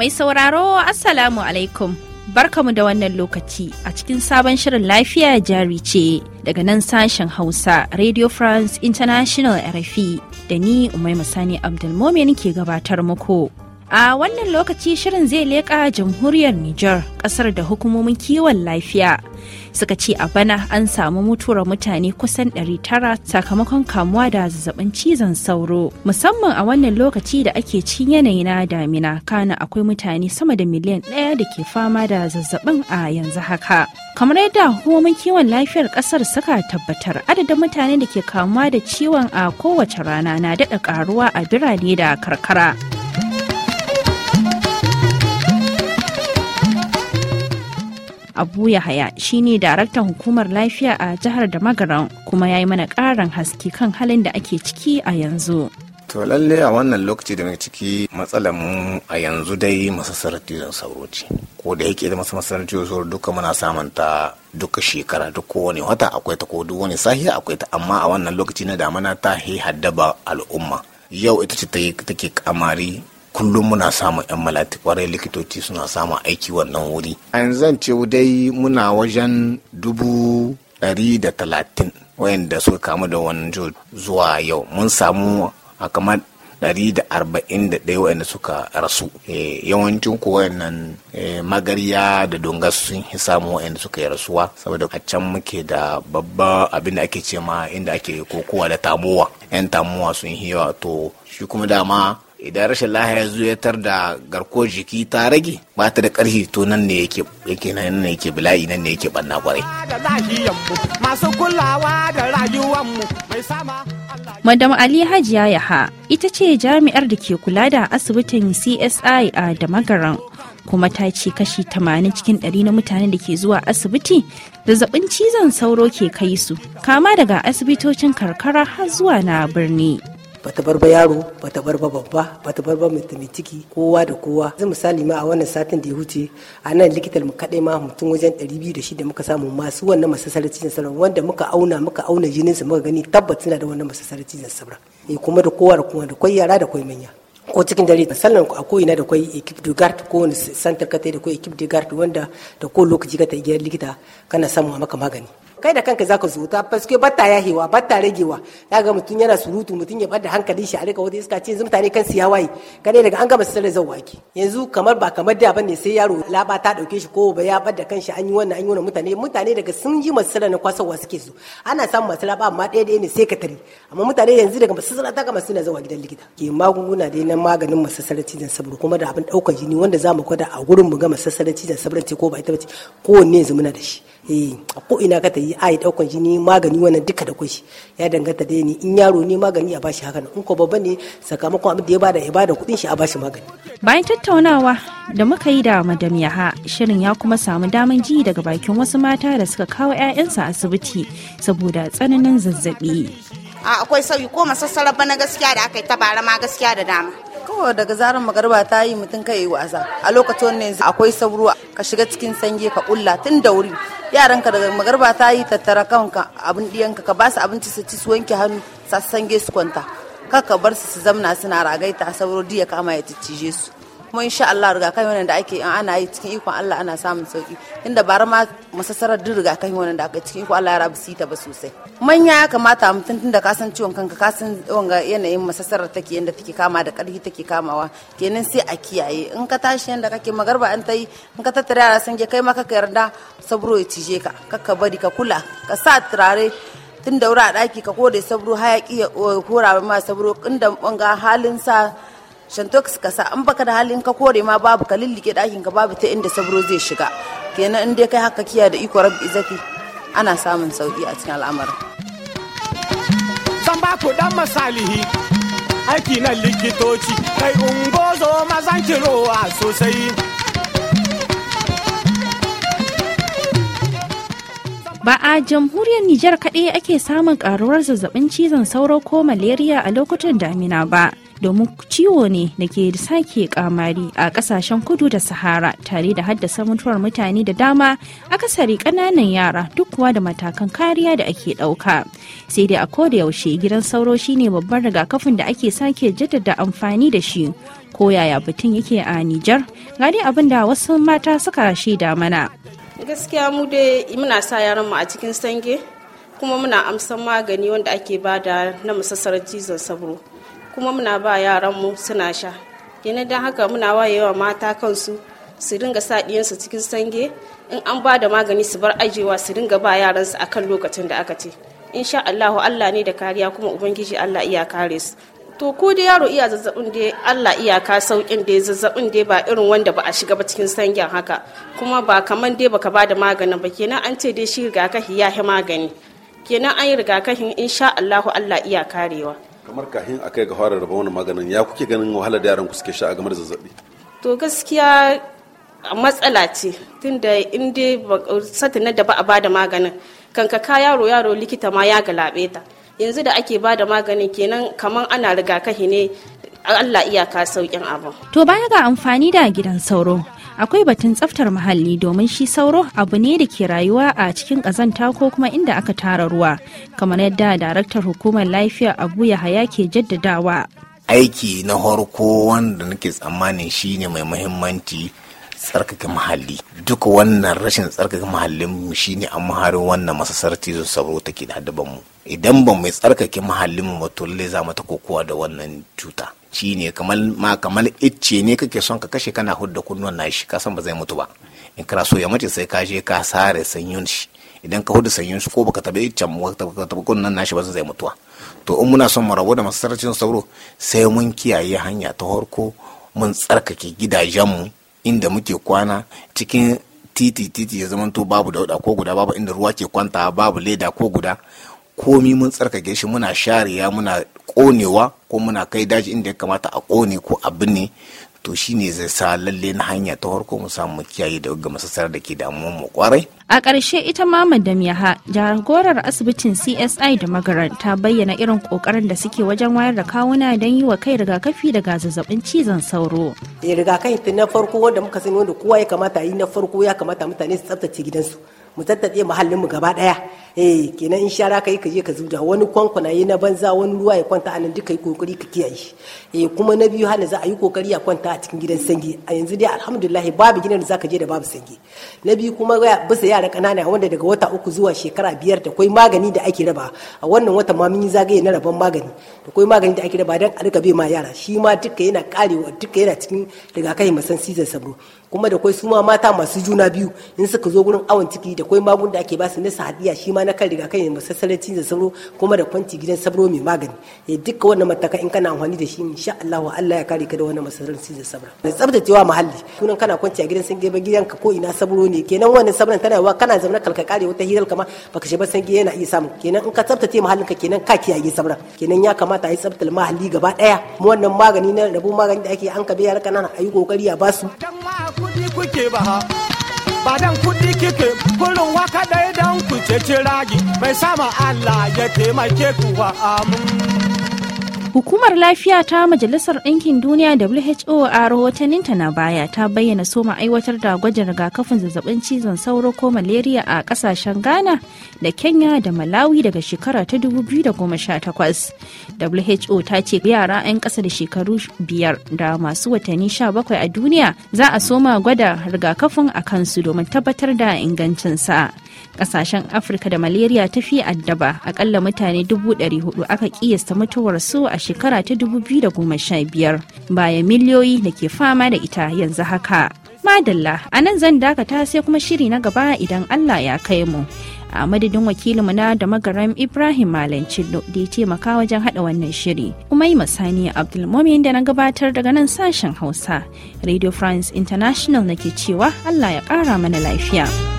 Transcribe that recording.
Mai sauraro Assalamu alaikum. Barkamu da wannan lokaci a cikin sabon shirin lafiya jari ce daga nan sashen Hausa Radio France International RFI da ni Umai Sani Abdulmomin ke gabatar muku. A wannan lokaci shirin zai leƙa jamhuriyar Nijar ƙasar da hukumomin kiwon lafiya suka ce a bana an samu mutuwar mutane kusan 900 sakamakon kamuwa da zazzabin cizon sauro musamman a wannan lokaci da ake cin yanayi na damina kana akwai mutane sama da miliyan ɗaya da ke fama da zazzabin a yanzu haka kamar yadda hukumomin kiwon lafiyar ƙasar suka tabbatar adadin mutane da ke kamuwa da ciwon a kowace rana na daɗa ƙaruwa a birane da karkara. Abu Yahaya shine daraktan hukumar lafiya a jihar da magaran kuma ya yi mana karin haske kan halin da ake ciki a yanzu. To lalle a wannan lokaci da muke ciki matsalar mu a yanzu dai masassarar cizon sauro ce. Ko da yake da masu masassarar sauro duka muna samun ta duka shekara duk kowane wata akwai ta ko duk wani sahi akwai ta amma a wannan lokaci na damana ta haddaba al'umma. Yau ita ce take kamari kullum muna samun 'yan malati kwarai likitoci suna samun aiki wannan wuri a yanzu ce dai muna wajen dubu ɗari da talatin wayanda suka kamu da wannan zuwa yau mun samu a kamar da da arba'in ɗaya wayanda suka rasu eh, yawancin ko wayannan eh, magariya da dongas sun yi samu wayanda suka yi rasuwa saboda a can muke da babba abin da ake ce ma inda ake kokowa da tamuwa yan tamuwa sun yi yawa to shi kuma dama idan rashin lahiya zo ya tar da garko jiki ta rage ba ta da karfi to nan ne yake yake nan ne yake bala'i nan ne yake banna kwarai masu kulawa da rayuwar mu mai sama Madam Ali Hajiya Yaha ita ce jami'ar da ke kula da asibitin CSI a Damagaran kuma ta ce kashi 80 cikin 100 na mutane da ke zuwa asibiti zazzabin cizon sauro ke kai su kama daga asibitocin karkara har zuwa na birni bata bar ba yaro bata bar ba babba bata bar ba mai ciki kowa da kowa zai misali ma a wannan satin da ya wuce a nan likitar mu kaɗai ma mutum wajen 206 muka samu masu wannan masasarar cizon sabra wanda muka auna muka auna jinin su muka gani tabbat suna da wannan masasarar cizon sabra e eh, kuma da kowa da kuma da kwai yara da kwai manya ko cikin dare sallan a ko ina da kwai ekip de garde ko wani santar ka da kwai ekip de garde wanda da ko lokaci ka ta gidan likita kana samu maka magani kai da kanka zaka zuta paske batta hewa batta ragewa ga mutum yana surutu mutum ya bada hankalin shi a rika wata iska ce mutane kan siya waye kare daga an gama zan waki yanzu kamar ba kamar da bane sai yaro laba ta dauke shi ko ba ya bada kanshi an yi wannan an yi wannan mutane mutane daga sun ji masala na kwasawa suke su ana samun masala ba amma ɗaya ɗaya ne sai ka tare amma mutane yanzu daga masira ta gama suna zuwa gidan likita ke magunguna dai na maganin masassarar cizon sabro kuma da abin daukar jini wanda za mu kwada a gurin mu ga masassarar cizon sabro ce ko ba ita ba ce kowanne yanzu muna da shi Eh, a ko ina ka ta yi daukan jini magani wannan duka da kushi ya danganta da ni in yaro ne magani a bashi haka in ko babba ne sakamakon abin da ya bada ya bada kudin shi a bashi magani bayan tattaunawa da muka yi da madam yaha shirin ya kuma samu daman ji daga bakin wasu mata da suka kawo 'ya'yansu asibiti saboda tsananin zazzabi akwai sauyi ko masassara bana gaskiya da aka yi tabara ma gaskiya da dama to daga zaran magarba ta yi mutum kai wasa a lokacin ne akwai sauro ka shiga cikin sange ka kulla tun da wuri yaranka daga magarba ta yi tattara kanka abin diyanka ka ba su abinci su ci su wanke hannu sassange su kwanta kaka bar su su zamna suna ragaita sauro diya kama ya cije su kuma insha Allah rigakafi wannan da ake in ana yi cikin ikon Allah ana samun sauki inda bara ma masasarar duk rigakafi wannan da aka cikin ikon Allah rabu su ta ba sosai manya ya kamata mutum tun da ka san ciwon kanka ka san wanga yanayin masasarar take yanda take kama da karfi take kamawa kenan sai a kiyaye in ka tashi yanda kake magarba an ta in ka tattara yara sun je kai ma kaka yarda sabro ya cije ka kaka bari ka kula ka sa turare tun da wura a ɗaki ka kore sabro hayaki ya eh, kora ma sabro inda banga halin sa shantox kasa sa in baka da halin ka kore ma babu ka dakin ɗakin ka babu ta inda sabro zai shiga kenan in dai kai haka kiya da iko rabbi ana samun sauki a cikin al'amarin zan ba ku dan misalihi aiki na likitoci kai ungozo mazan kirowa sosai Ba a jamhuriyar Nijar kaɗai ake samun ƙaruwar zazzabin cizon sauro ko malaria a lokutan damina ba. domin ciwo ne da ke sake kamari a kasashen kudu da sahara tare da haddasa mutuwar mutane da dama akasari kananan yara duk kuwa da matakan kariya da ake ɗauka sai dai a koda yaushe gidan sauro shine babban rigakafin da ake sake jaddada amfani da shi ko yaya batun yake a nijar ga dai abin da wasu mata suka shaida mana gaskiya mu dai muna sa yaran mu a cikin sange kuma muna amsan magani wanda ake bada na musassar cizon sabro kuma muna ba yaran mu suna sha yana don haka muna wayewa mata kansu su dinga sa ɗiyansu cikin sange in an ba da magani su bar ajewa su dinga ba yaransu akan lokacin da aka ce insha Allahu Allah ne da kariya kuma ubangiji Allah iya kare su to ko da yaro iya zazzabin da Allah iyaka saukin da zazzabin da ba irin wanda ba a shiga ba cikin sangen haka kuma ba kaman dai baka da maganin ba kenan an ce dai shi rigakafi ya magani kenan an yi rigakafin insha Allahu Allah iya karewa kamar kahin kai ga fara raba wani maganin ya kuke ganin wahalar da yaran ku suke sha a game da zazzabi to gaskiya matsala ce tunda in dai satinar da ba a bada maganin kankaka yaro yaro likita ma ya galabe ta yanzu da ake bada maganin kenan kamar ana rigakafi ne Allah iyaka saukin abu. to baya ga amfani da gidan sauro akwai batun tsaftar muhalli domin shi sauro abu ne da ke rayuwa a cikin kazanta ko kuma inda aka tara ruwa kamar yadda daraktar hukumar lafiya abu yahaya ke jaddadawa aiki na harko wanda nake tsammanin shine mai muhimmanci tsarkake muhalli duk wannan rashin tsarkake muhallin mu shine a muharin wannan masasar cizon sauro take da haddaban mu idan ba mu tsarkake muhallin mu to lalle za mu ta kokowa da wannan cuta shine kamar ma kamar icce ne kake son ka kashe kana hudda kunnuwan nashi ka san ba zai mutu ba in kana so ya mace sai ka je ka sare sanyin shi idan ka hudu sanyin shi ko baka taɓa iccen ka taɓa kunnan nashi ba zai mutuwa to in muna son mu rabu da masasar cizon sauro sai mun kiyaye hanya ta farko mun tsarkake mu. inda muke kwana cikin titi titi ya zama to babu dauda ko guda babu inda ruwa ke kwanta babu leda ko guda komi mun tsarkake shi muna sharewa muna konewa ko muna kai daji inda ya kamata a kone ko a binne to shine zai sa lalle na hanya ta farko mu samu kiyaye da ga masasar da ke damuwar mu kwarai a ƙarshe ita ma madam yaha jagorar asibitin csi da magaran ta bayyana irin ƙoƙarin da suke wajen wayar da kawuna don yi wa kai rigakafi daga zazzabin cizon sauro eh, rigakafi na farko wanda muka sani wanda kowa ya kamata yi na farko ya kamata mutane su tsaftace gidansu mu tattace muhallin mu gaba ɗaya eh kenan in shara kai ka je ka zuja wani kwankwana yi na banza wani ruwa ya kwanta anan duka yi kokari ka kiyaye eh kuma na biyu hana za a yi kokari ya kwanta a cikin gidan sange a yanzu dai alhamdulillah babu gidan da zaka je da babu sange na biyu kuma bisa yara kanana wanda daga wata uku zuwa shekara biyar da kwai magani da ake raba a wannan wata ma mun yi zagaye na raban magani da kwai magani da ake raba dan a rika bai ma yara shi ma duka yana karewa duka yana cikin rigakafi masan season sabo kuma da kwai su ma mata masu juna biyu in suka zo gurin awon ciki da kwai magun da ake ba na sahadiya shi ma na kan rigakafi ne masassarar cinza sauro kuma da kwanci gidan sauro mai magani ya eh, duka wannan mataka in kana amfani da shi insha Allah Allah ya kare ka da wannan masassarar cizon sauro da tsabtacewa muhalli kunan kana kwanci a gidan ba gidan ka ko ina sauro ne kenan wannan sabran tana yawa kana zaune kalka kare wata hirar kama baka shiga sange yana iya samu kenan in ka tsabtace muhallin ka kenan ka kiyaye sabra kenan ya kamata a yi tsabtar muhalli gaba daya mu wannan magani na rabu magani da ake an ka biya kana a yi kokari a basu dan badan dan kuɗi kike kullum waka ɗaya dan ku ce ragi mai sama Allah ya taimake wa amin. Hukumar lafiya ta Majalisar Ɗinkin Duniya WHO a rahotanninta na baya ta bayyana soma aiwatar da gwajin rigakafin zazzabin cizon sauro ko malaria a ƙasashen Ghana da Kenya da Malawi daga shekara ta 2018. WHO ta ce yara 'yan ƙasa da shekaru biyar da masu watanni 17 a duniya za a soma gwada rigakafin a kansu domin tabbatar da ingancinsa. kasashen afirka da malaria ta fi addaba akalla mutane 400 aka kiyasta mutuwar su a shekara ta 2015 bayan miliyoyi da ke fama da ita yanzu haka madalla a nan zan dakata sai kuma shiri na gaba idan allah ya kai mu a madadin wakilinmu na da magaram ibrahim malam cillo da ya taimaka wajen hada wannan shiri kuma yi masani abdulmomin da na gabatar daga nan sashen hausa radio france international na ke cewa allah ya kara mana lafiya.